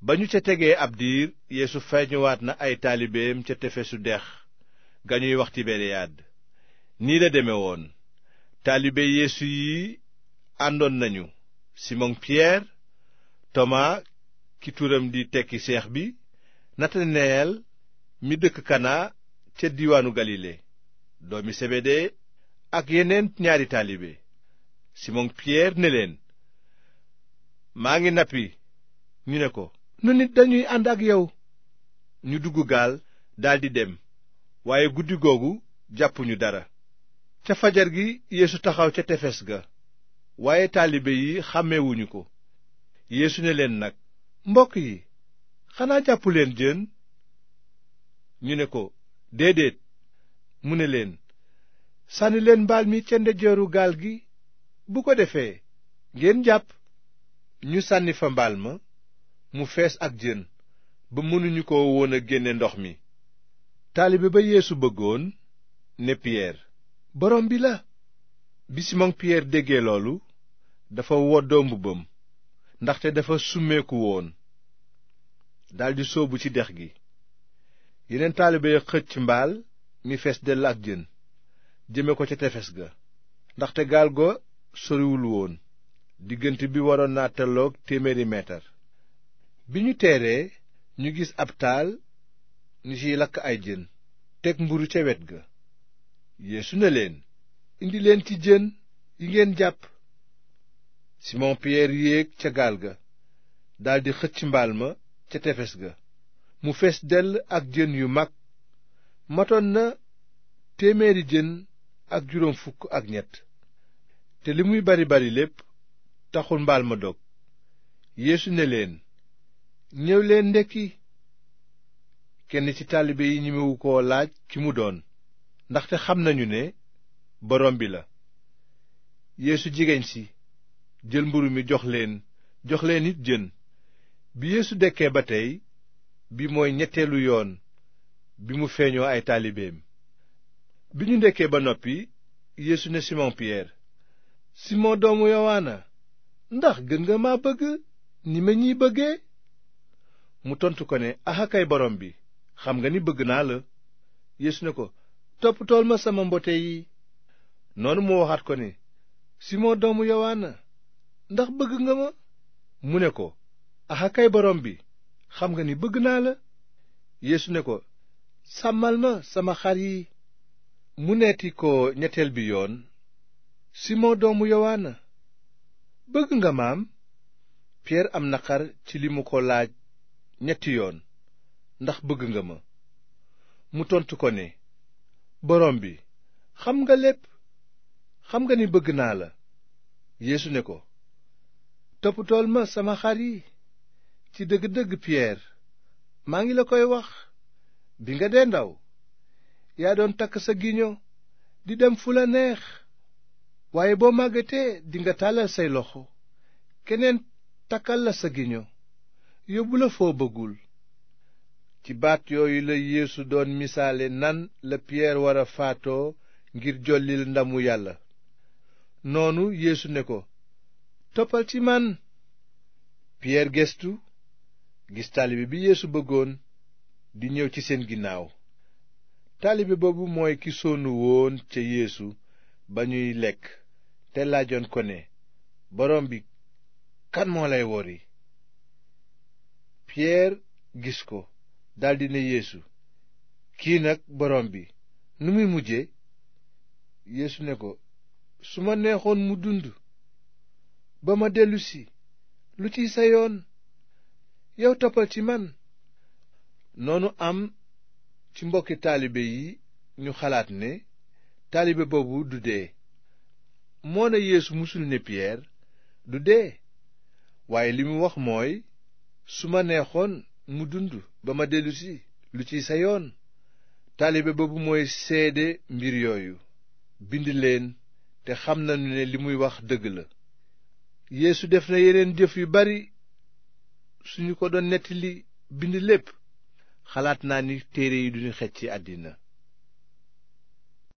ba ñu ca tegee ab diir yeesu feeñuwaat na ay taalibeem ca tefesu dex ga ñuy wax tiberiyaad nii la deme woon taalibe yeesu yi àndoon nañu simon piyeer tomaa ki turam di tekki seex bi nataneyel mi dëkk kanaa ca diiwaanu galile doomi sebede ak yeneen ñaari taalibe simon piyeer ne leen maa ngi nappi ñu ne ko nu nit dañuy ànd ak yow ñu dugg gaal daldi dem waaye guddi googu jàppuñu dara ca fajar gi yeesu taxaw ca tefes ga waaye taalibe yi xàmmewuñu ko yeesu ne leen nag mbokk yi xanaa jàppu leen jën ñu ne ko déedéet mu ne leen sànni leen mbaal mi ca ndejooru gaal gi bu ko defee ngeen jàpp ñu sànni fa mbaal ma mu fees ak jën ba mënuñu ko woon a génne ndox mi taalibe ba yeesu bëggoon ne piyeer borom bi la bi simoŋ piyeer déggee loolu dafa woddoo mbubbam ndaxte dafa summeeku woon daldi sóobu ci dex gi yeneen taalibe ya xëcc mbaal mi fees dell ak jën jëme ko ca tefes ga ndaxte gaal go soriwul woon diggante bi waroon naa tolloog téeméeri meetar bi ñu teeree ñu gis ab taal ñu ciy lakk ay jën teg mburu ca wet ga yeesu ne leen indi ci jën yi ngeen jàpp simon piyeer yéeg ca gaal ga daldi xëcc mbaal ma ca tefes ga mu fees dell ak jën yu mag matoon na téeméeri jën ak juróom fukk ak ñett te li muy bari bari lépp taxul mbaal ma dog yeesu ne leen ñëw leen ndekki kenn ci taalibe yi ñemewu koo laaj ki mu doon ndaxte xam nañu ne boroom bi la yéesu jigéen ci jël mburu mi jox leen jox leen it jën bi yeesu dekkee ba tey bi mooy ñetteelu yoon bi mu feeñoo ay taalibeem bi ñu ndekkee ba noppi yeesu ne simon piyeer simon doomu yowaana ndax gën nga ma bëgg ni ma ñiy bëggee mu tontu ko ne axa kay borom bi xam nga ni bëgg naa la yeesu ne ko toppatool ma sama mbote yi noonu mu waxaat ko ne Simon doomu Yowaana ndax bëgg nga ma mu ne ko axa kay borom bi xam nga ni bëgg naa la yeesu ne ko sàmmal ma sama xar yi mu neeti ko ñetteel bi yoon Simon doomu Yowaana bëgg nga maam Pierre am naqar ci li mu ko laaj ñetti yoon ndax bëgg nga ma mu tontu ko ne borom bi xam nga lépp xam nga ni bëgg naa la yéesu ne ko toppatool ma sama xar yi ci dëgg-dëgg piyeer maa ngi la koy wax bi nga dee ndaw yaa doon takk sa giño di dem fu la neex waaye boo màggatee dinga tàllal say loxo keneen takkal la sa giño yóbbu la foo bëggul ci baat yooyu la yéesu doon misaale nan la piyeer war faatoo ngir jolli ndamu yàlla noonu yéesu ne ko toppal ci man piyeer gestu gis taalibe bi yeesu bëggoon di ñëw ci seen ginnaaw taalibe boobu mooy ki sonu woon ca yeesu ba ñuy lekk te laajoon ko ne borom bi kan moo lay wori piyeer gis ko daldi ne yéesu kii nag borom bi nu muy mujje yéesu ne ko su ma neexoon mu dund ba ma dellusi lu ciy sa yoon yow toppal ci man noonu am ci mbokki taalibe yi ñu xalaat ne taalibe boobu du dee moo ne yeesu musul ne piyeer du dee waaye li mu wax mooy su ma neexoon mu dund ba ma dellusi lu ci sa yoon taalibe boobu mooy seede mbir yooyu bind leen te xam nañu ne li muy wax dëgg la yéesu def na yeneen jëf yu bari suñu ko doon nettali bind lépp xalaat naa ni téere yi duñu xej àddina